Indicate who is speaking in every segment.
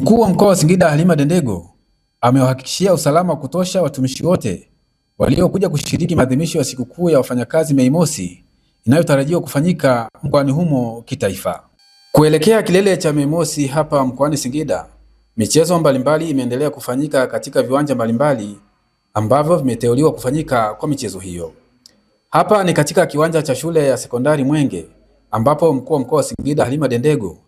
Speaker 1: Mkuu wa Mkoa wa Singida Halima Dendego amewahakikishia usalama wa kutosha watumishi wote waliokuja kushiriki maadhimisho ya sikukuu ya wafanyakazi Mei Mosi inayotarajiwa kufanyika mkoani humo kitaifa. Kuelekea kilele cha Mei Mosi hapa mkoani Singida, michezo mbalimbali imeendelea kufanyika katika viwanja mbalimbali ambavyo vimeteuliwa kufanyika kwa michezo hiyo. Hapa ni katika kiwanja cha shule ya sekondari Mwenge ambapo mkuu wa mkoa wa Singida Halima Dendego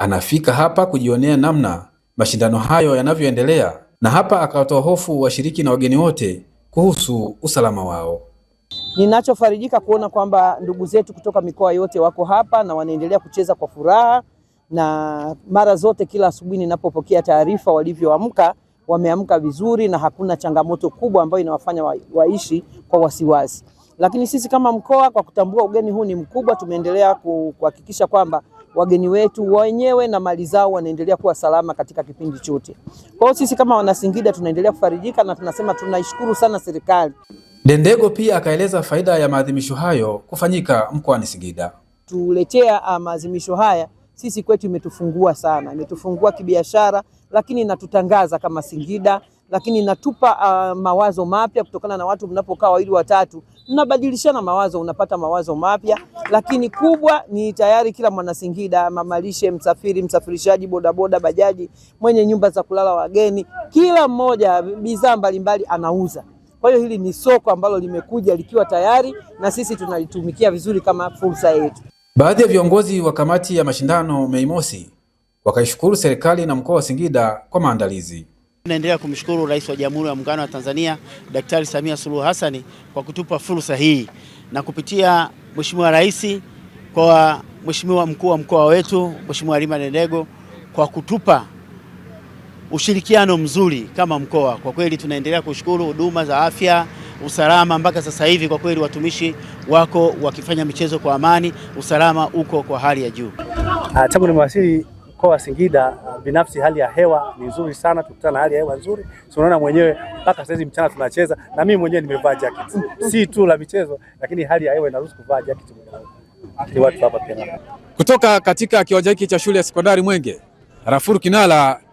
Speaker 1: anafika hapa kujionea namna mashindano hayo yanavyoendelea, na hapa akawatoa hofu washiriki na wageni wote kuhusu usalama wao.
Speaker 2: Ninachofarijika kuona kwamba ndugu zetu kutoka mikoa yote wako hapa na wanaendelea kucheza kwa furaha, na mara zote kila asubuhi ninapopokea taarifa walivyoamka, wameamka vizuri na hakuna changamoto kubwa ambayo inawafanya wa, waishi kwa wasiwasi. Lakini sisi kama mkoa, kwa kutambua ugeni huu ni mkubwa, tumeendelea kuhakikisha kwamba wageni wetu wenyewe na mali zao wanaendelea kuwa salama katika kipindi chote. Kwa hiyo sisi kama Wanasingida tunaendelea kufarijika na tunasema tunaishukuru sana serikali.
Speaker 1: Dendego pia akaeleza faida ya maadhimisho hayo kufanyika mkoani Singida.
Speaker 2: Tuletea ah, maadhimisho haya sisi kwetu imetufungua sana, imetufungua kibiashara, lakini inatutangaza kama Singida, lakini inatupa uh, mawazo mapya kutokana na watu mnapokaa wawili watatu, mnabadilishana mawazo, unapata mawazo mapya. Lakini kubwa ni tayari kila mwana Singida, mamalishe, msafiri, msafirishaji, bodaboda, bajaji, mwenye nyumba za kulala wageni, kila mmoja bidhaa mbalimbali anauza. Kwa hiyo hili ni soko ambalo limekuja likiwa tayari, na sisi tunalitumikia vizuri kama fursa yetu.
Speaker 1: Baadhi ya viongozi wa kamati ya mashindano Mei Mosi wakaishukuru serikali na mkoa wa Singida kwa maandalizi.
Speaker 3: Naendelea kumshukuru Rais wa Jamhuri ya Muungano wa Tanzania Daktari Samia Suluhu Hassan kwa kutupa fursa hii na kupitia Mheshimiwa Rais kwa Mheshimiwa mkuu wa mkoa wetu Mheshimiwa rima Dendego kwa kutupa ushirikiano mzuri kama mkoa. Kwa kweli tunaendelea kushukuru huduma za afya usalama mpaka sasa hivi kwa kweli watumishi wako wakifanya michezo kwa amani, usalama uko kwa hali ya juu.
Speaker 4: Ah, tangu nimewasili mkoa wa Singida, ah, binafsi hali ya hewa ni nzuri sana, tukutana na hali ya hewa nzuri, si unaona mwenyewe mpaka sasa hivi mchana tunacheza, na mimi mwenyewe nimevaa jacket, si tu la michezo, lakini hali ya hewa inaruhusu kuvaa jacket. Watu
Speaker 1: hapa pia kutoka katika kiwanja hiki cha shule ya sekondari Mwenge, Rafuru Kinala.